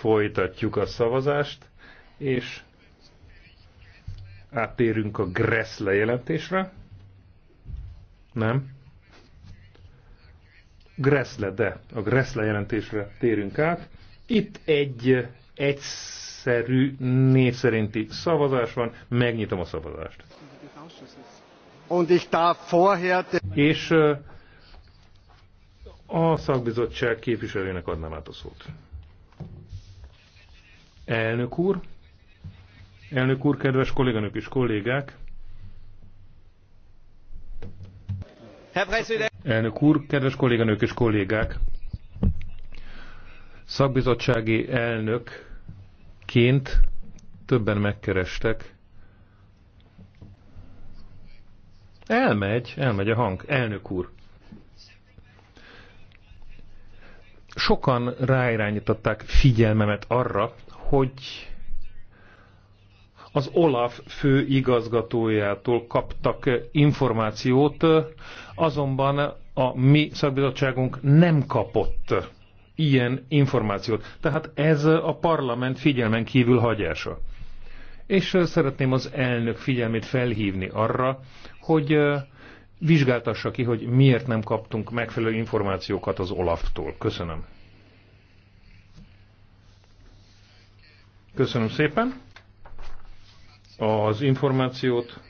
Folytatjuk a szavazást, és áttérünk a Gressle jelentésre. Nem? Gressle, de a Gressle jelentésre térünk át. Itt egy egyszerű név szerinti szavazás van. Megnyitom a szavazást. És uh, a szakbizottság képviselőjének adnám át a szót. Elnök úr, elnök úr, kedves kolléganők és kollégák, Elnök úr, kedves kolléganők és kollégák, szakbizottsági elnökként többen megkerestek. Elmegy, elmegy a hang, elnök úr. sokan ráirányították figyelmemet arra, hogy az OLAF főigazgatójától kaptak információt, azonban a mi szakbizottságunk nem kapott ilyen információt. Tehát ez a parlament figyelmen kívül hagyása. És szeretném az elnök figyelmét felhívni arra, hogy vizsgáltassa ki, hogy miért nem kaptunk megfelelő információkat az Olaftól. Köszönöm. Köszönöm szépen az információt.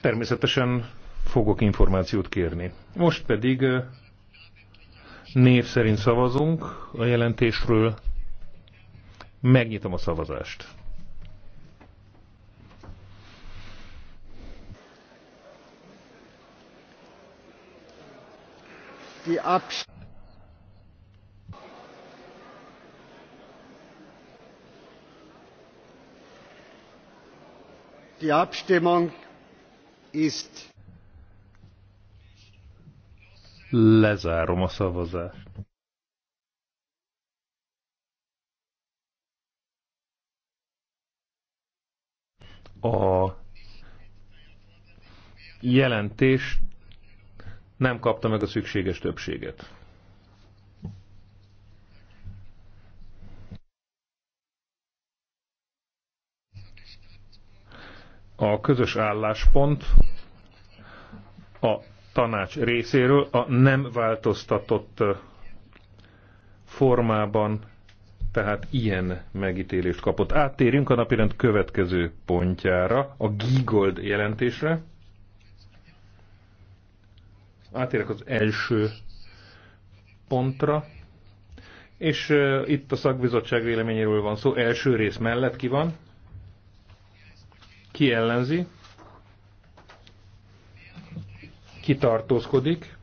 Természetesen fogok információt kérni. Most pedig név szerint szavazunk a jelentésről. Megnyitom a szavazást. Die Die Abstimmung ist Lezárom a szavazást. A jelentést nem kapta meg a szükséges többséget. A közös álláspont a tanács részéről a nem változtatott formában, tehát ilyen megítélést kapott. Áttérjünk a napirend következő pontjára, a Gigold jelentésre. Átérek az első pontra, és uh, itt a szakbizottság véleményéről van szó. Első rész mellett ki van? Ki ellenzi? Ki tartózkodik?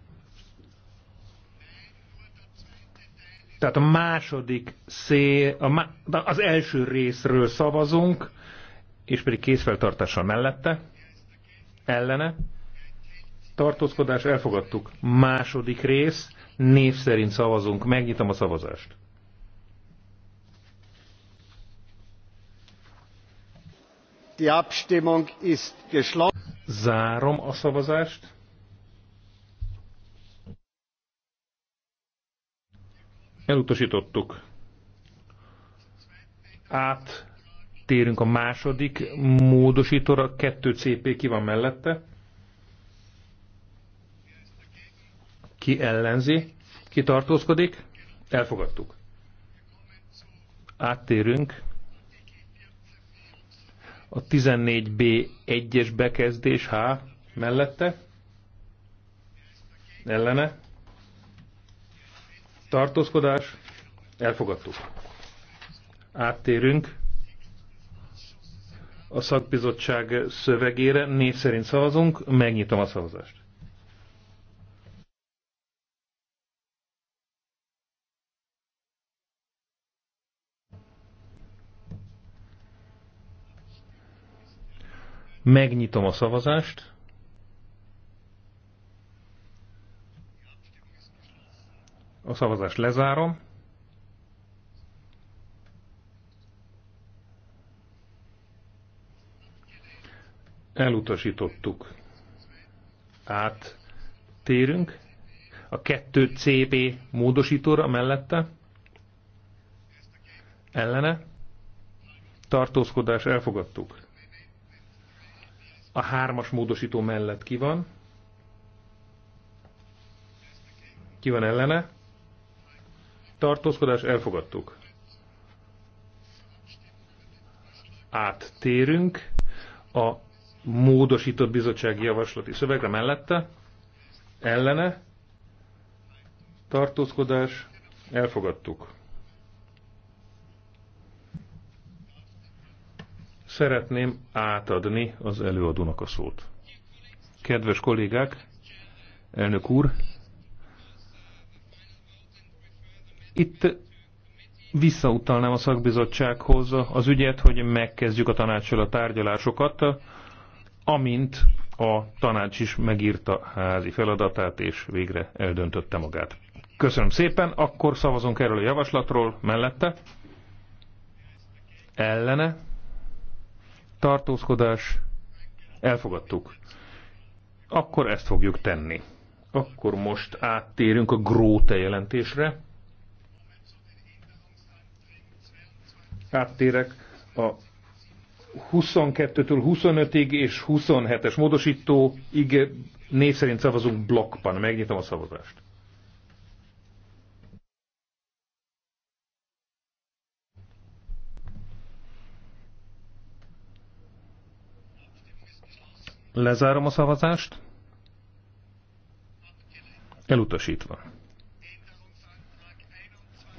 Tehát a második szé, a az első részről szavazunk, és pedig készfeltartással mellette, ellene tartózkodás, elfogadtuk. Második rész, név szerint szavazunk, megnyitom a szavazást. Die Abstimmung ist geschlossen. Zárom a szavazást. Elutasítottuk. Át térünk a második módosítóra, 2 CP ki van mellette ki ellenzi, ki tartózkodik, elfogadtuk. Áttérünk a 14B1-es bekezdés H mellette, ellene, tartózkodás, elfogadtuk. Áttérünk a szakbizottság szövegére, név szerint szavazunk, megnyitom a szavazást. Megnyitom a szavazást. A szavazást lezárom. Elutasítottuk. Át térünk. A 2CB módosítóra mellette. Ellene. Tartózkodás elfogadtuk a hármas módosító mellett ki van. Ki van ellene? Tartózkodás elfogadtuk. Áttérünk a módosított bizottsági javaslati szövegre mellette. Ellene? Tartózkodás elfogadtuk. Szeretném átadni az előadónak a szót. Kedves kollégák, elnök úr, itt visszautalnám a szakbizottsághoz az ügyet, hogy megkezdjük a tanácssal a tárgyalásokat, amint a tanács is megírta házi feladatát, és végre eldöntötte magát. Köszönöm szépen, akkor szavazunk erről a javaslatról mellette. Ellene tartózkodás, elfogadtuk. Akkor ezt fogjuk tenni. Akkor most áttérünk a Gróte jelentésre. Áttérek a 22-től 25-ig és 27-es módosító, így név szerint szavazunk blokkban. Megnyitom a szavazást. Lezárom a szavazást. Elutasítva.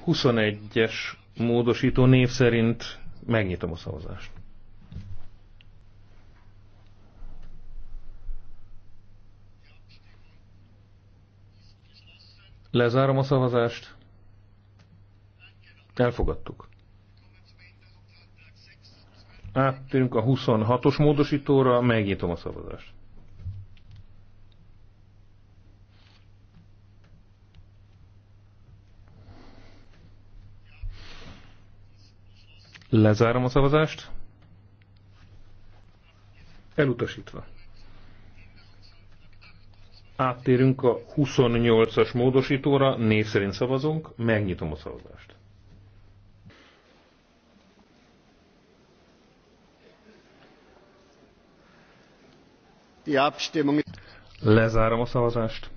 21-es módosító név szerint megnyitom a szavazást. Lezárom a szavazást. Elfogadtuk áttérünk a 26-os módosítóra, megnyitom a szavazást. Lezárom a szavazást. Elutasítva. Áttérünk a 28-as módosítóra, név szerint szavazunk, megnyitom a szavazást. Lezárom a szavazást.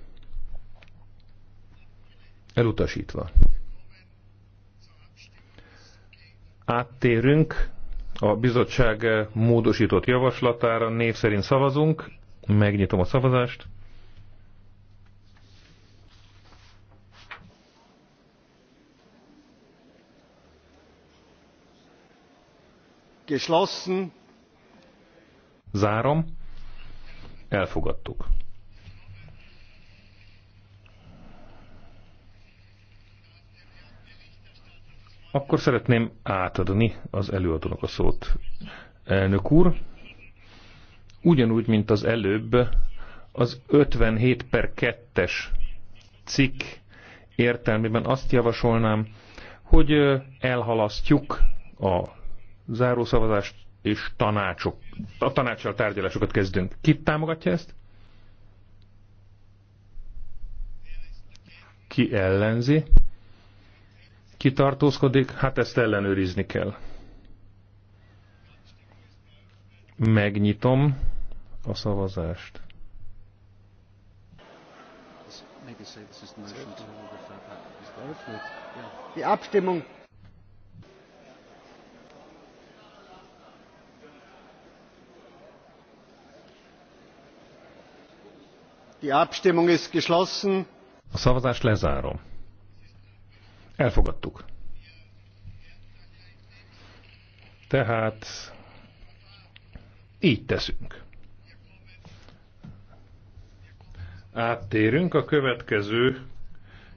Elutasítva. Áttérünk a bizottság módosított javaslatára. Név szerint szavazunk. Megnyitom a szavazást. Geschlossen. Zárom. Elfogadtuk. Akkor szeretném átadni az előadónak a szót. Elnök úr, ugyanúgy, mint az előbb, az 57 per 2-es cikk értelmében azt javasolnám, hogy elhalasztjuk a zárószavazást és tanácsok, a tanácsal tárgyalásokat kezdünk. Ki támogatja ezt? Ki ellenzi? Ki tartózkodik? Hát ezt ellenőrizni kell. Megnyitom a szavazást. The Abstimmung Die Abstimmung ist geschlossen. A szavazást lezárom. Elfogadtuk. Tehát így teszünk. Áttérünk a következő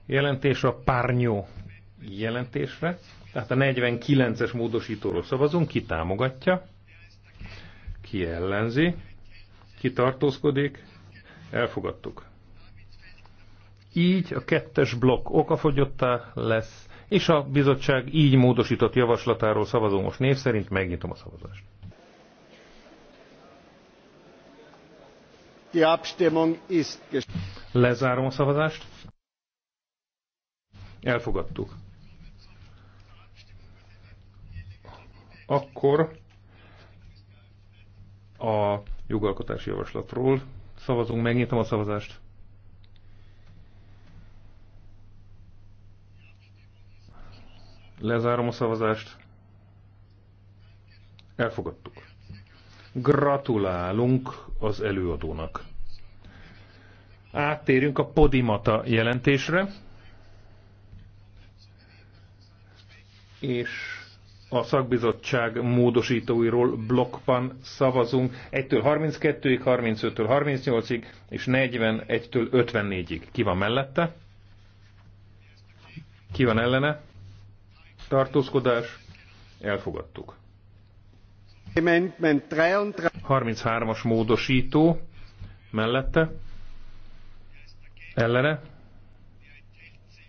jelentés a párnyó jelentésre. Tehát a 49-es módosítóról szavazunk, ki támogatja, ki ellenzi, ki tartózkodik, Elfogadtuk. Így a kettes blokk okafogyottá lesz, és a bizottság így módosított javaslatáról szavazó most név szerint megnyitom a szavazást. Die Abstimmung ist Lezárom a szavazást. Elfogadtuk. Akkor a jogalkotási javaslatról Szavazunk, megnyitom a szavazást. Lezárom a szavazást. Elfogadtuk. Gratulálunk az előadónak. Áttérünk a Podimata jelentésre. És a szakbizottság módosítóiról blokkban szavazunk 1-től 32-ig, 35-től 38-ig és 41-től 54-ig. Ki van mellette? Ki van ellene? Tartózkodás? Elfogadtuk. 33-as módosító mellette? Ellene?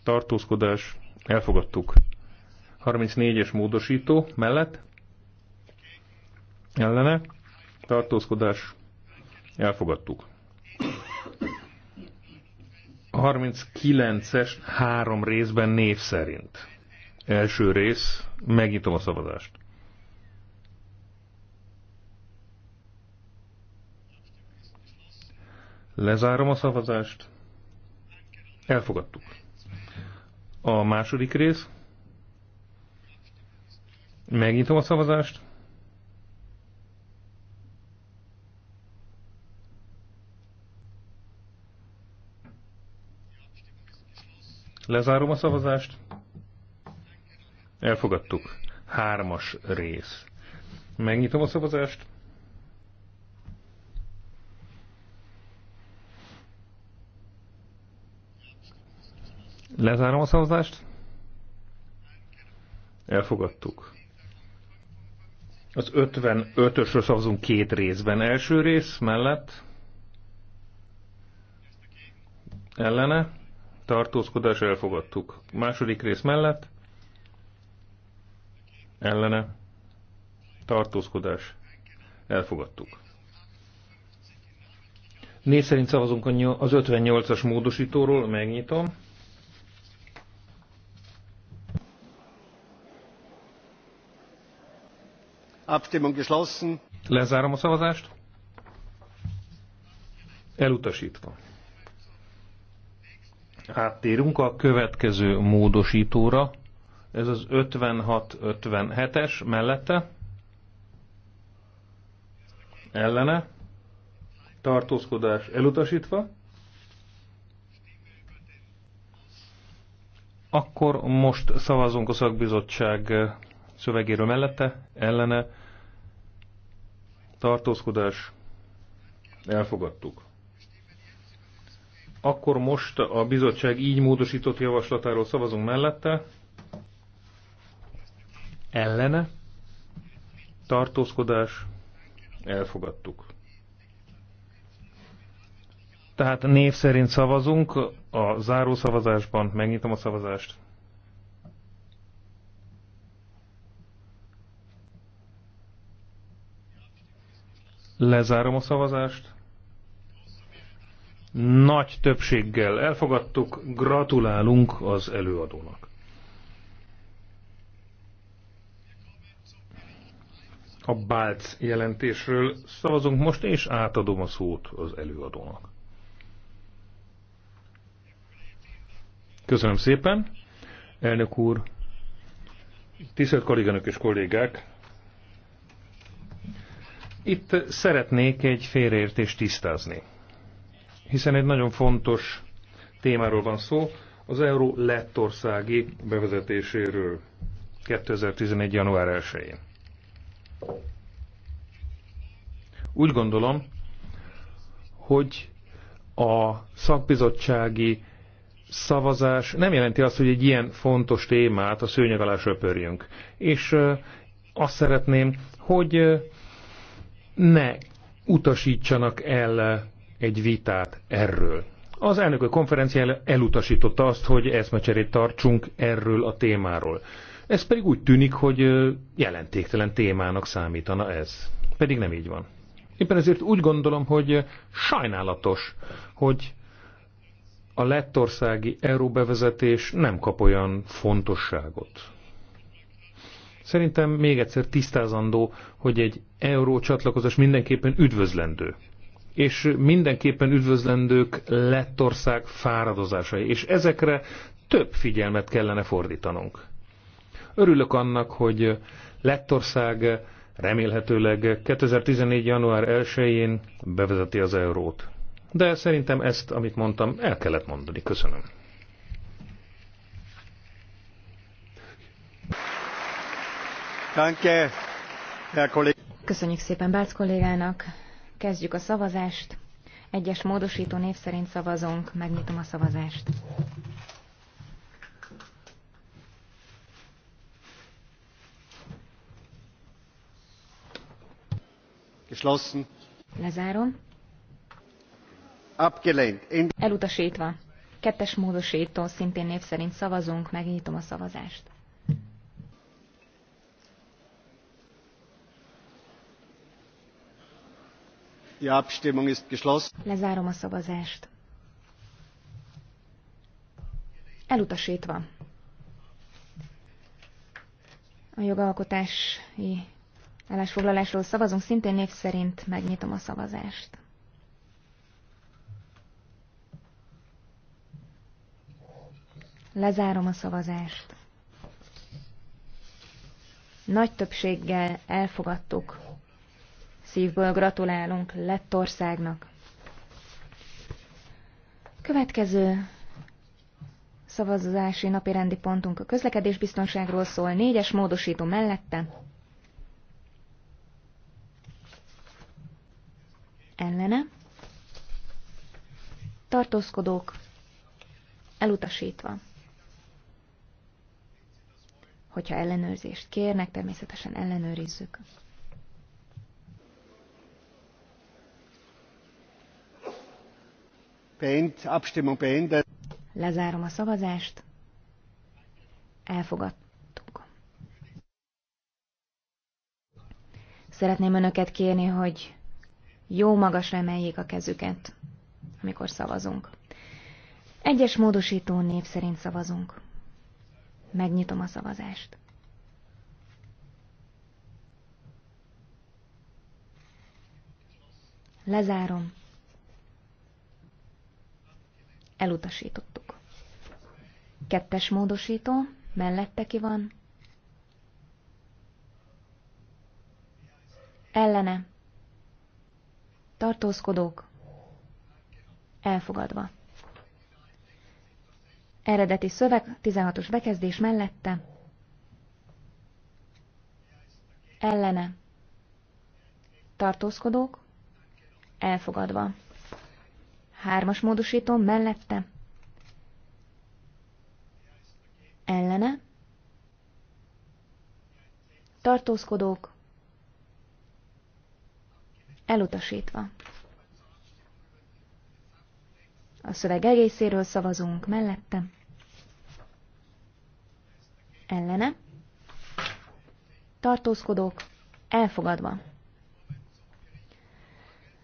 Tartózkodás? Elfogadtuk. 34-es módosító mellett ellene tartózkodás elfogadtuk. A 39-es három részben név szerint. Első rész, megnyitom a szavazást. Lezárom a szavazást. Elfogadtuk. A második rész, Megnyitom a szavazást. Lezárom a szavazást. Elfogadtuk. Hármas rész. Megnyitom a szavazást. Lezárom a szavazást. Elfogadtuk. Az 55-ösről szavazunk két részben. Első rész mellett ellene tartózkodás elfogadtuk. Második rész mellett ellene tartózkodás elfogadtuk. Név szerint szavazunk az 58-as módosítóról, megnyitom. Abstimmung geschlossen. Lezárom a szavazást. Elutasítva. Áttérünk a következő módosítóra. Ez az 56-57-es mellette. Ellene. Tartózkodás elutasítva. Akkor most szavazunk a szakbizottság szövegéről mellette, ellene tartózkodás, elfogadtuk. Akkor most a bizottság így módosított javaslatáról szavazunk mellette. Ellene, tartózkodás, elfogadtuk. Tehát név szerint szavazunk a zárószavazásban. Megnyitom a szavazást. Lezárom a szavazást. Nagy többséggel elfogadtuk, gratulálunk az előadónak. A Bálc jelentésről szavazunk most, és átadom a szót az előadónak. Köszönöm szépen, elnök úr, tisztelt kolléganök és kollégák, itt szeretnék egy félreértést tisztázni, hiszen egy nagyon fontos témáról van szó, az euró lettországi bevezetéséről 2011. január 1-én. Úgy gondolom, hogy a szakbizottsági szavazás nem jelenti azt, hogy egy ilyen fontos témát a szőnyeg alá söpörjünk. És azt szeretném, hogy ne utasítsanak el egy vitát erről. Az elnökök konferencián elutasította azt, hogy eszmecserét tartsunk erről a témáról. Ez pedig úgy tűnik, hogy jelentéktelen témának számítana ez. Pedig nem így van. Éppen ezért úgy gondolom, hogy sajnálatos, hogy a lettországi euróbevezetés nem kap olyan fontosságot. Szerintem még egyszer tisztázandó, hogy egy euró csatlakozás mindenképpen üdvözlendő. És mindenképpen üdvözlendők Lettország fáradozásai, és ezekre több figyelmet kellene fordítanunk. Örülök annak, hogy Lettország remélhetőleg 2014. január 1-én bevezeti az eurót. De szerintem ezt, amit mondtam, el kellett mondani. Köszönöm. Köszönjük szépen Bác kollégának. Kezdjük a szavazást. Egyes módosító név szerint szavazunk. Megnyitom a szavazást. Geschlossen. Lezárom. Abgelehnt. Elutasítva. Kettes módosító, szintén név szerint szavazunk. Megnyitom a szavazást. Die Abstimmung ist geschlossen. Lezárom a szavazást. Elutasítva. A jogalkotási állásfoglalásról szavazunk, szintén név szerint megnyitom a szavazást. Lezárom a szavazást. Nagy többséggel elfogadtuk Szívből gratulálunk Lettországnak. Következő szavazási napi rendi pontunk a közlekedésbiztonságról szól, négyes módosító mellette. Ellene. Tartózkodók. Elutasítva. Hogyha ellenőrzést kérnek, természetesen ellenőrizzük. Lezárom a szavazást. Elfogadtuk. Szeretném önöket kérni, hogy jó magasra emeljék a kezüket, amikor szavazunk. Egyes módosító név szerint szavazunk. Megnyitom a szavazást. Lezárom. Elutasítottuk. Kettes módosító, mellette ki van. Ellene. Tartózkodók. Elfogadva. Eredeti szöveg, 16-os bekezdés mellette. Ellene. Tartózkodók. Elfogadva. Hármas módosító mellette. Ellene. Tartózkodók. Elutasítva. A szöveg egészéről szavazunk mellette. Ellene. Tartózkodók. Elfogadva.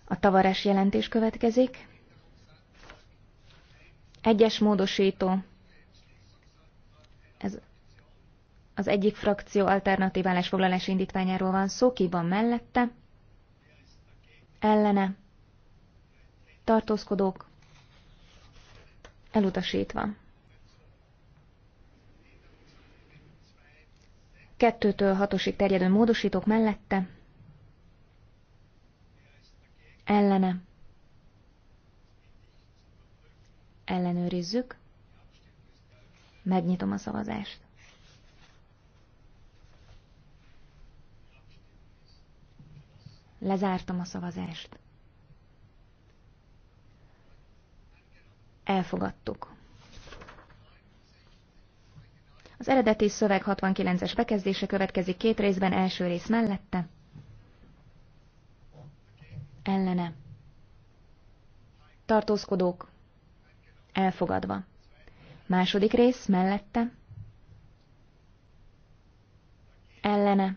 A tavares jelentés következik. Egyes módosító. Ez az egyik frakció alternatív állásfoglalás indítványáról van szó, ki van mellette, ellene, tartózkodók, elutasítva. Kettőtől hatosig terjedő módosítók mellette, ellene, ellenőrizzük. Megnyitom a szavazást. Lezártam a szavazást. Elfogadtuk. Az eredeti szöveg 69-es bekezdése következik két részben, első rész mellette. Ellene. Tartózkodók. Elfogadva. Második rész mellette. Ellene.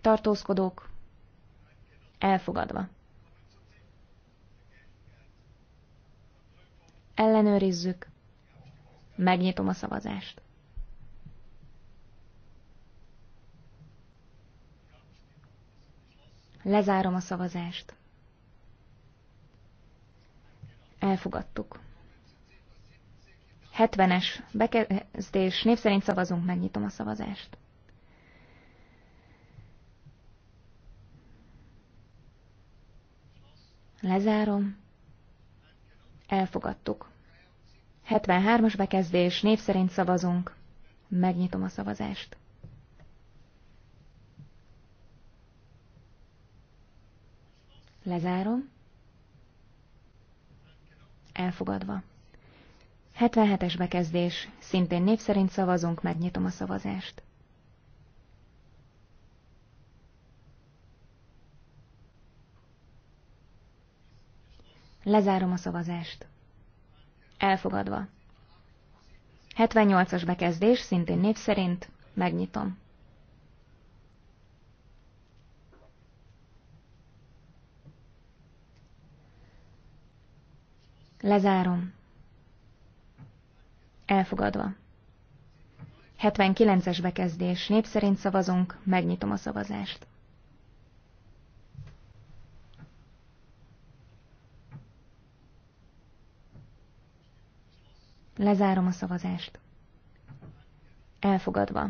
Tartózkodók. Elfogadva. Ellenőrizzük. Megnyitom a szavazást. Lezárom a szavazást. Elfogadtuk. 70-es bekezdés, név szerint szavazunk, megnyitom a szavazást. Lezárom. Elfogadtuk. 73-as bekezdés, név szerint szavazunk. Megnyitom a szavazást. Lezárom. Elfogadva. 77-es bekezdés. Szintén név szerint szavazunk, megnyitom a szavazást. Lezárom a szavazást. Elfogadva. 78-as bekezdés, szintén név szerint, megnyitom. Lezárom. Elfogadva. 79-es bekezdés. Népszerint szavazunk, megnyitom a szavazást. Lezárom a szavazást. Elfogadva.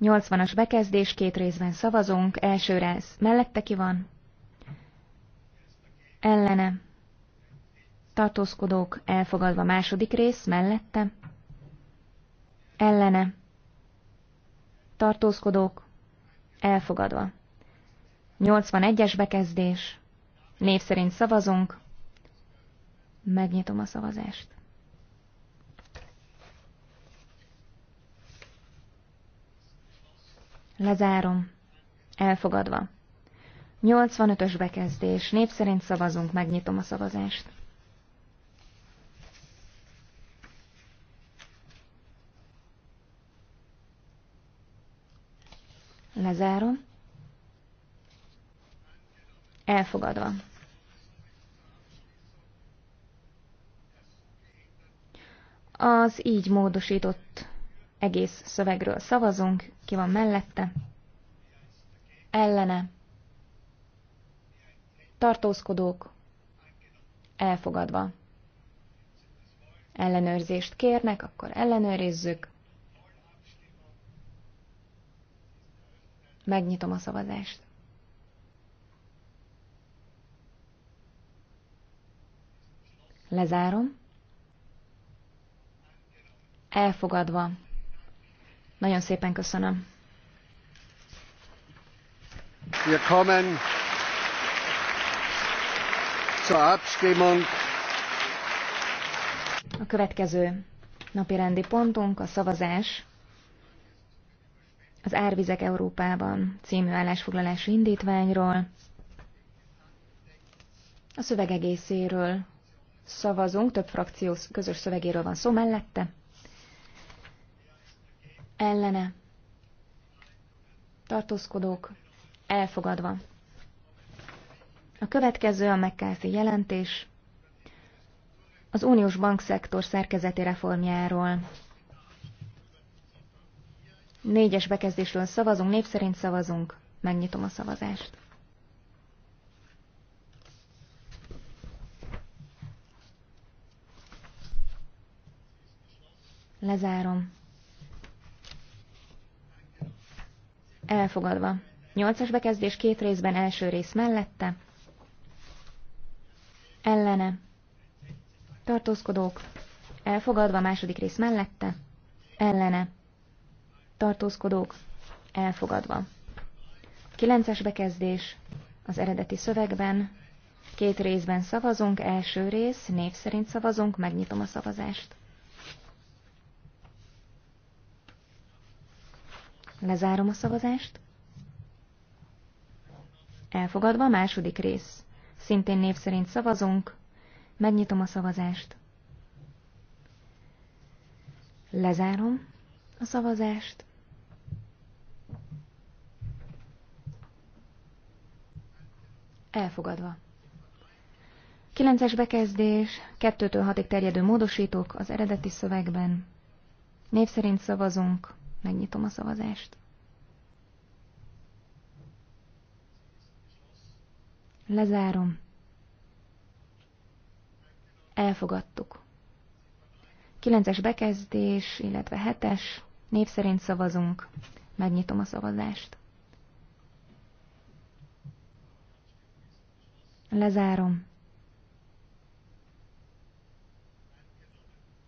80-as bekezdés, két részben szavazunk, első rész mellette ki van, ellene, tartózkodók elfogadva második rész mellette, ellene, tartózkodók elfogadva. 81-es bekezdés, név szerint szavazunk, megnyitom a szavazást. Lezárom. Elfogadva. 85-ös bekezdés. Név szerint szavazunk, megnyitom a szavazást. Lezárom. Elfogadva. Az így módosított egész szövegről szavazunk. Ki van mellette? Ellene. Tartózkodók. Elfogadva. Ellenőrzést kérnek, akkor ellenőrizzük. Megnyitom a szavazást. Lezárom. Elfogadva. Nagyon szépen köszönöm. Wir kommen zur Abstimmung. A következő napi rendi pontunk a szavazás az Árvizek Európában című állásfoglalási indítványról. A szöveg egészéről szavazunk, több frakció közös szövegéről van szó mellette. Ellene. Tartózkodók. Elfogadva. A következő a McCarthy jelentés az uniós bankszektor szerkezeti reformjáról. Négyes bekezdésről szavazunk, népszerint szavazunk. Megnyitom a szavazást. Lezárom. Elfogadva. Nyolcas bekezdés két részben első rész mellette. Ellene. Tartózkodók. Elfogadva második rész mellette. Ellene tartózkodók, elfogadva. Kilences bekezdés az eredeti szövegben. Két részben szavazunk, első rész, név szerint szavazunk, megnyitom a szavazást. Lezárom a szavazást. Elfogadva a második rész. Szintén név szerint szavazunk, megnyitom a szavazást. Lezárom a szavazást. Elfogadva. 9-es bekezdés, 2-től 6-ig terjedő módosítók az eredeti szövegben. Név szerint szavazunk, megnyitom a szavazást. Lezárom. Elfogadtuk. 9-es bekezdés, illetve 7-es, név szerint szavazunk, megnyitom a szavazást. Lezárom.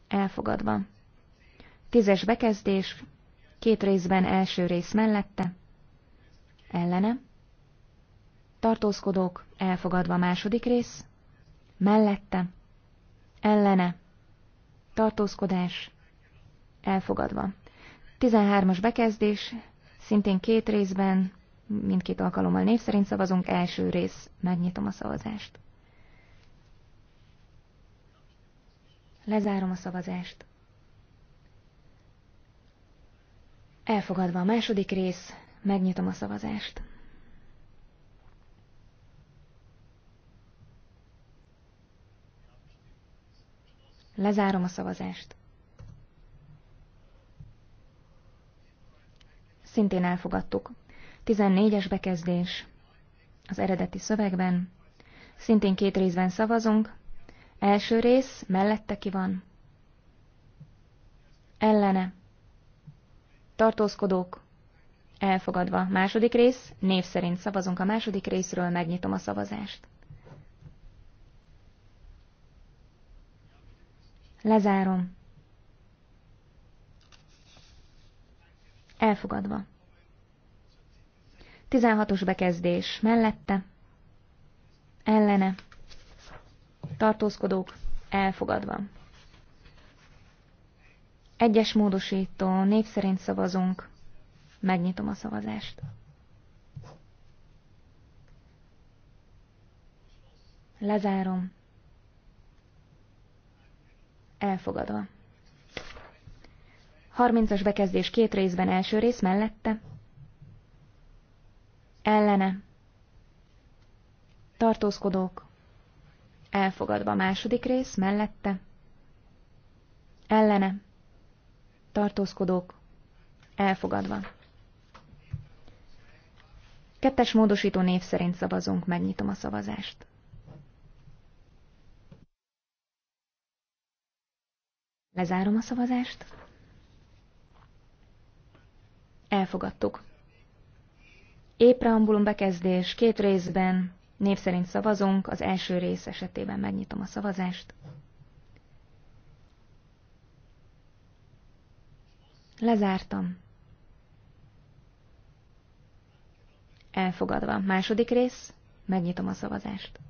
Elfogadva. Tízes bekezdés, két részben első rész mellette, ellene. Tartózkodók, elfogadva második rész, mellette, ellene. Tartózkodás, elfogadva. Tizenhármas bekezdés, szintén két részben, mindkét alkalommal név szerint szavazunk, első rész, megnyitom a szavazást. Lezárom a szavazást. Elfogadva a második rész, megnyitom a szavazást. Lezárom a szavazást. Szintén elfogadtuk. 14-es bekezdés az eredeti szövegben. Szintén két részben szavazunk. Első rész mellette ki van. Ellene. Tartózkodók. Elfogadva. Második rész. Név szerint szavazunk a második részről, megnyitom a szavazást. Lezárom. Elfogadva. 16-os bekezdés mellette, ellene, tartózkodók elfogadva. Egyes módosító, név szerint szavazunk, megnyitom a szavazást. Lezárom. Elfogadva. 30-as bekezdés két részben első rész mellette, ellene, tartózkodók, elfogadva második rész, mellette, ellene, tartózkodók, elfogadva. Kettes módosító név szerint szavazunk, megnyitom a szavazást. Lezárom a szavazást. Elfogadtuk. Épreambulum bekezdés két részben, név szerint szavazunk, az első rész esetében megnyitom a szavazást. Lezártam. Elfogadva. Második rész, megnyitom a szavazást.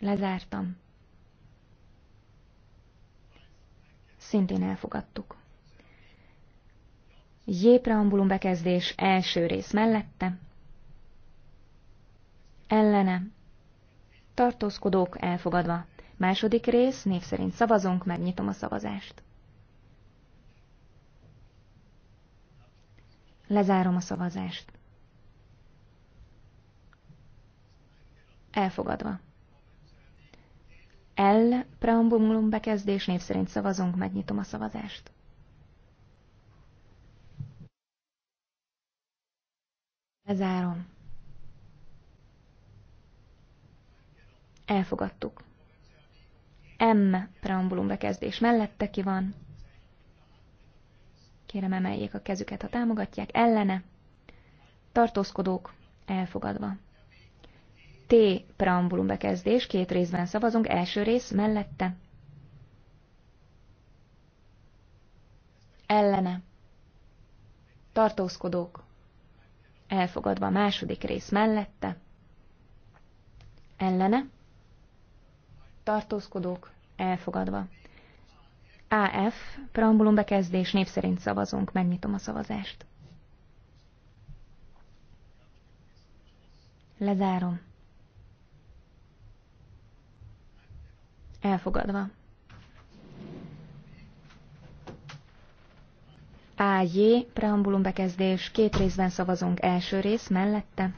Lezártam. szintén elfogadtuk. J. preambulum bekezdés első rész mellette, ellene, tartózkodók elfogadva. Második rész, név szerint szavazunk, megnyitom a szavazást. Lezárom a szavazást. Elfogadva. L preambulum bekezdés név szerint szavazunk, megnyitom a szavazást. Lezárom. Elfogadtuk. M preambulum bekezdés mellette ki van. Kérem emeljék a kezüket, ha támogatják. Ellene. Tartózkodók. Elfogadva. T preambulum bekezdés, két részben szavazunk, első rész mellette. Ellene. Tartózkodók. Elfogadva a második rész mellette. Ellene. Tartózkodók. Elfogadva. AF preambulum bekezdés, név szerint szavazunk, megnyitom a szavazást. Lezárom. Elfogadva. AJ, preambulum bekezdés, két részben szavazunk első rész mellette.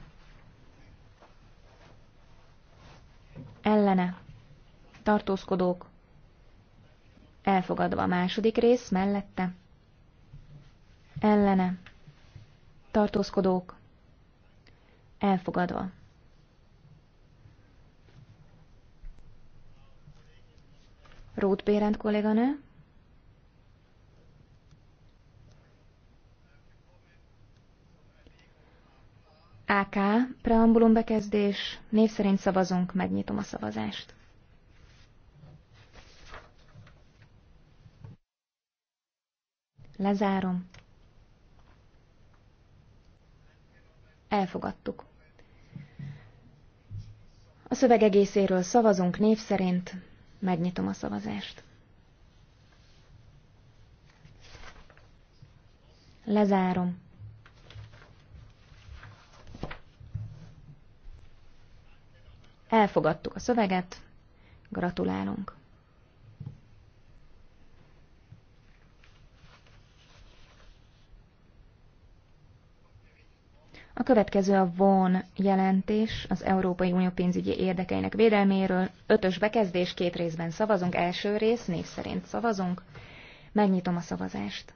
Ellene. Tartózkodók. Elfogadva a második rész mellette. Ellene. Tartózkodók. Elfogadva. Rót Bérend kolléganő. AK, preambulum bekezdés, név szerint szavazunk, megnyitom a szavazást. Lezárom. Elfogadtuk. A szöveg egészéről szavazunk név szerint, Megnyitom a szavazást. Lezárom. Elfogadtuk a szöveget. Gratulálunk. A következő a VON jelentés az Európai Unió pénzügyi érdekeinek védelméről. Ötös bekezdés két részben szavazunk. Első rész név szerint szavazunk. Megnyitom a szavazást.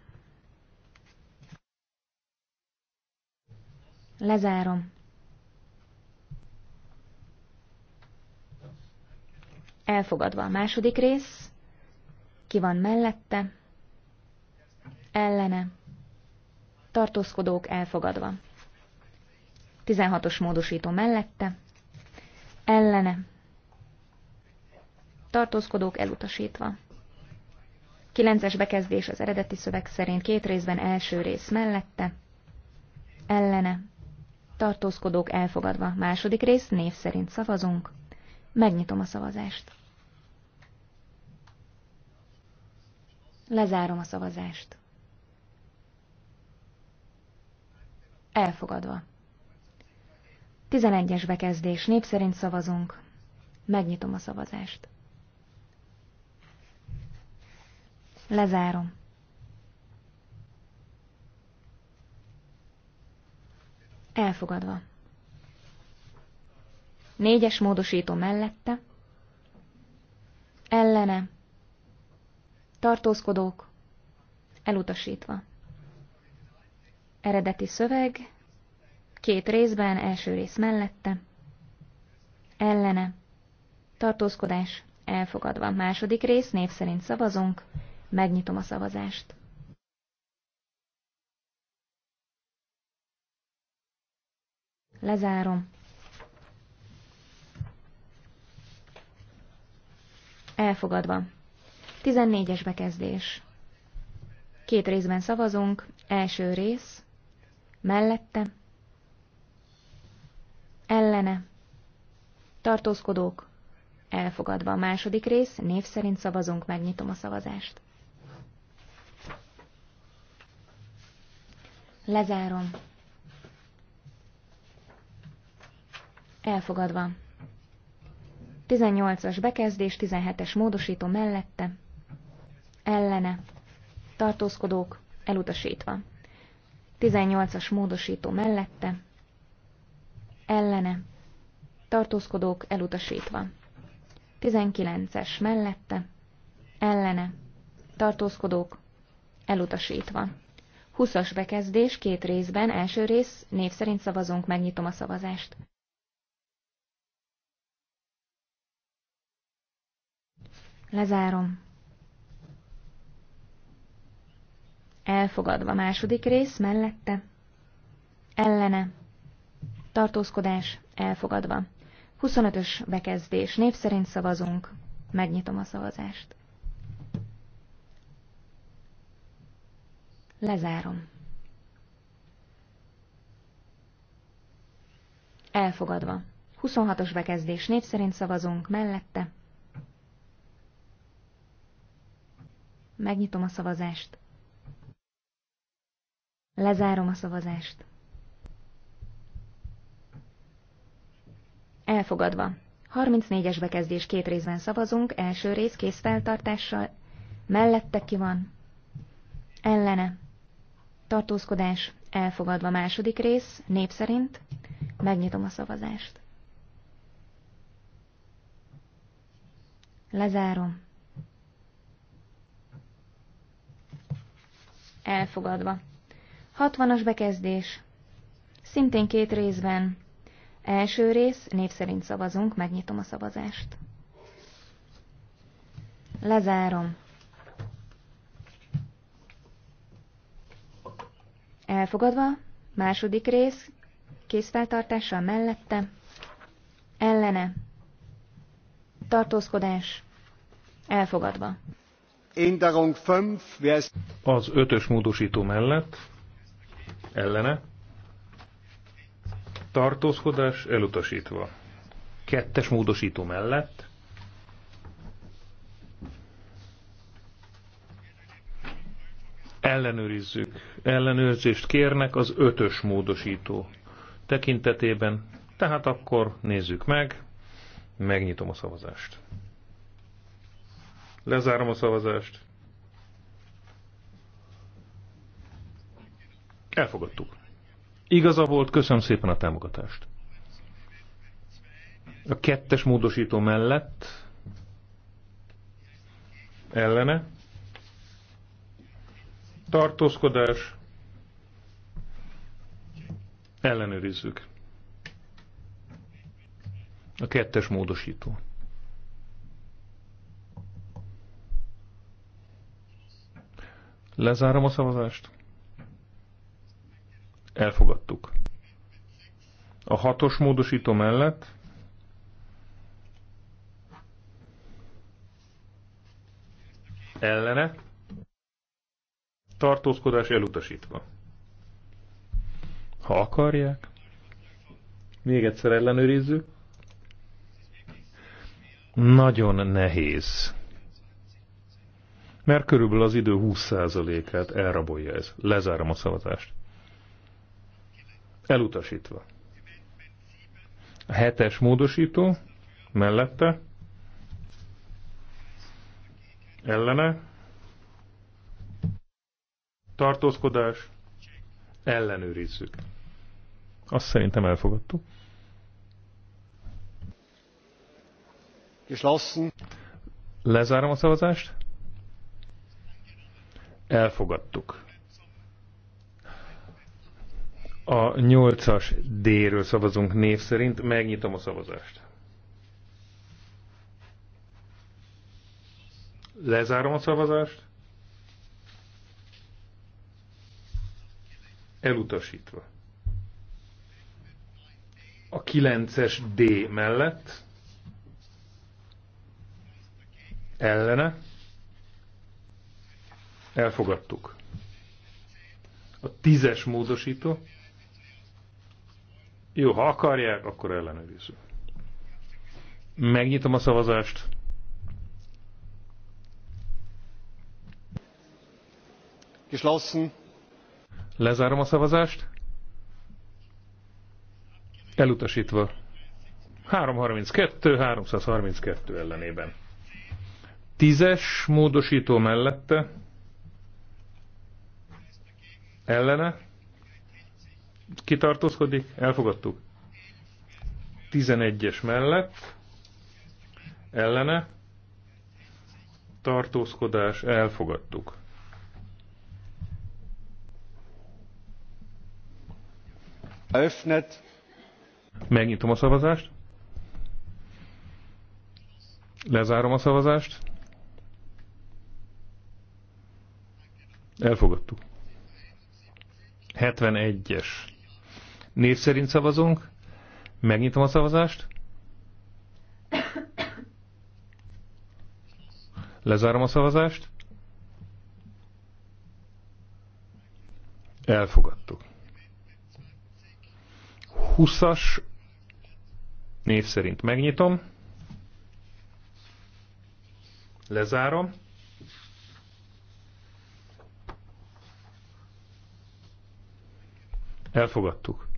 Lezárom. Elfogadva a második rész. Ki van mellette? Ellene. Tartózkodók elfogadva. 16-os módosító mellette, ellene, tartózkodók elutasítva. 9-es bekezdés az eredeti szöveg szerint két részben első rész mellette, ellene, tartózkodók elfogadva. Második rész név szerint szavazunk. Megnyitom a szavazást. Lezárom a szavazást. Elfogadva. 11-es bekezdés. Nép szerint szavazunk. Megnyitom a szavazást. Lezárom. Elfogadva. Négyes módosító mellette. Ellene. Tartózkodók. Elutasítva. Eredeti szöveg. Két részben, első rész mellette. Ellene. Tartózkodás. Elfogadva. Második rész, név szerint szavazunk. Megnyitom a szavazást. Lezárom. Elfogadva. 14-es bekezdés. Két részben szavazunk. Első rész. Mellette ellene, tartózkodók, elfogadva a második rész, név szerint szavazunk, megnyitom a szavazást. Lezárom. Elfogadva. 18-as bekezdés, 17-es módosító mellette, ellene, tartózkodók, elutasítva. 18-as módosító mellette, ellene, tartózkodók elutasítva. 19-es mellette, ellene, tartózkodók elutasítva. 20-as bekezdés két részben, első rész, név szerint szavazunk, megnyitom a szavazást. Lezárom. Elfogadva második rész mellette. Ellene tartózkodás elfogadva. 25-ös bekezdés. Név szerint szavazunk. Megnyitom a szavazást. Lezárom. Elfogadva. 26-os bekezdés. Név szerint szavazunk. Mellette. Megnyitom a szavazást. Lezárom a szavazást. Elfogadva. 34-es bekezdés két részben szavazunk, első rész feltartással. mellette ki van, ellene, tartózkodás, elfogadva második rész, népszerint. szerint, megnyitom a szavazást. Lezárom. Elfogadva. 60-as bekezdés. Szintén két részben Első rész, név szerint szavazunk, megnyitom a szavazást. Lezárom. Elfogadva, második rész, készfeltartással mellette, ellene, tartózkodás, elfogadva. Az ötös módosító mellett, ellene, tartózkodás elutasítva. Kettes módosító mellett ellenőrizzük, ellenőrzést kérnek az ötös módosító tekintetében, tehát akkor nézzük meg, megnyitom a szavazást. Lezárom a szavazást. Elfogadtuk. Igaza volt, köszönöm szépen a támogatást. A kettes módosító mellett ellene tartózkodás ellenőrizzük. A kettes módosító. Lezárom a szavazást. Elfogadtuk. A hatos módosító mellett ellene tartózkodás elutasítva. Ha akarják, még egyszer ellenőrizzük. Nagyon nehéz. Mert körülbelül az idő 20%-át elrabolja ez. Lezárom a szavazást. Elutasítva. A hetes módosító mellette ellene tartózkodás ellenőrizzük. Azt szerintem elfogadtuk. Geschlossen. Lezárom a szavazást. Elfogadtuk. A 8-as D-ről szavazunk név szerint. Megnyitom a szavazást. Lezárom a szavazást. Elutasítva. A 9-es D mellett. Ellene. Elfogadtuk. A 10-es módosító jó, ha akarják, akkor ellenőrizzük. Megnyitom a szavazást. Geschlossen. Lezárom a szavazást. Elutasítva. 332, 332 ellenében. Tízes módosító mellette. Ellene kitartózkodik, elfogadtuk. 11-es mellett, ellene, tartózkodás, elfogadtuk. Öffnet. Megnyitom a szavazást. Lezárom a szavazást. Elfogadtuk. 71-es Név szerint szavazunk. Megnyitom a szavazást. Lezárom a szavazást. Elfogadtuk. 20-as név szerint megnyitom. Lezárom. Elfogadtuk.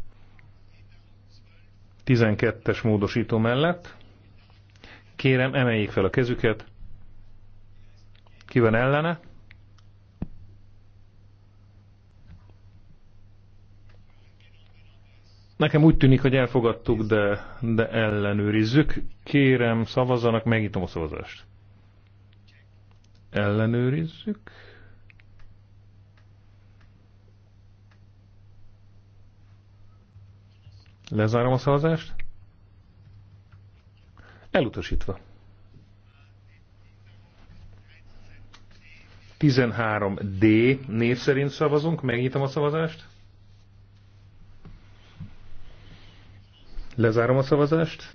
12-es módosító mellett. Kérem, emeljék fel a kezüket. Ki van ellene? Nekem úgy tűnik, hogy elfogadtuk, de, de ellenőrizzük. Kérem, szavazzanak, megnyitom a szavazást. Ellenőrizzük. Lezárom a szavazást. Elutasítva. 13D név szerint szavazunk. Megnyitom a szavazást. Lezárom a szavazást.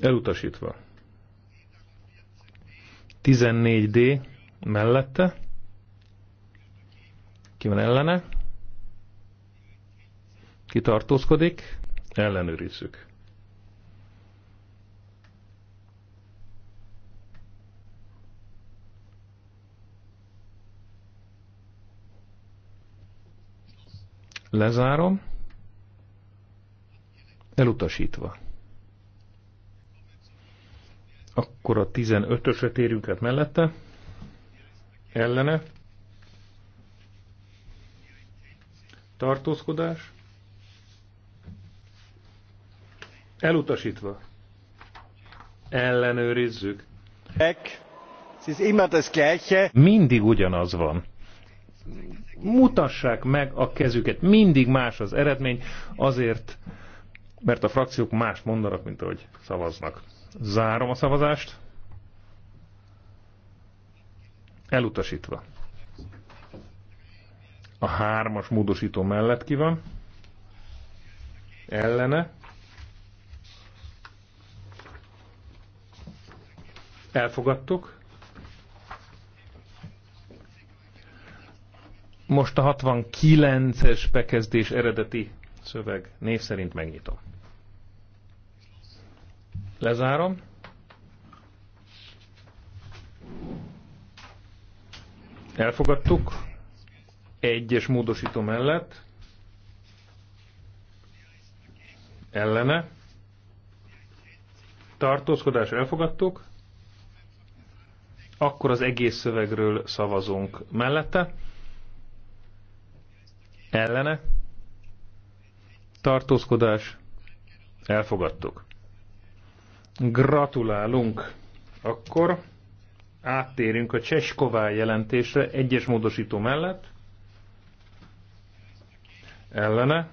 Elutasítva. 14D mellette. Ki van ellene? Ki tartózkodik? Ellenőrizzük. Lezárom. Elutasítva. Akkor a 15-ösre térünk át mellette. Ellene. tartózkodás, elutasítva, ellenőrizzük. ez Mindig ugyanaz van. Mutassák meg a kezüket, mindig más az eredmény, azért, mert a frakciók más mondanak, mint ahogy szavaznak. Zárom a szavazást. Elutasítva a hármas módosító mellett ki van, ellene, elfogadtuk, most a 69-es bekezdés eredeti szöveg név szerint megnyitom. Lezárom. Elfogadtuk egyes módosító mellett, ellene, tartózkodás elfogadtuk, akkor az egész szövegről szavazunk mellette, ellene, tartózkodás, elfogadtuk. Gratulálunk! Akkor áttérünk a Csesková jelentésre egyes módosító mellett, ellene,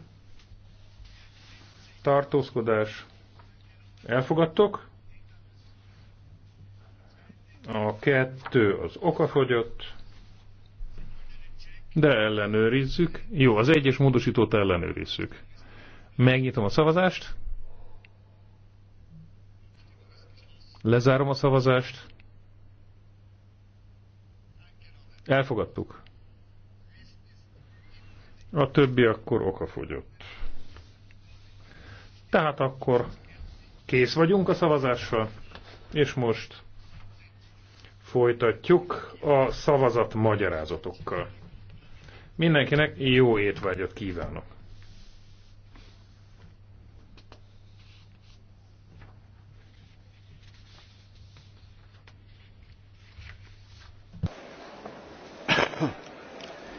tartózkodás, elfogadtok, a kettő az okafogyott, de ellenőrizzük. Jó, az egyes módosítót ellenőrizzük. Megnyitom a szavazást. Lezárom a szavazást. Elfogadtuk. A többi akkor okafogyott. Tehát akkor kész vagyunk a szavazással, és most folytatjuk a szavazat magyarázatokkal. Mindenkinek jó étvágyat kívánok!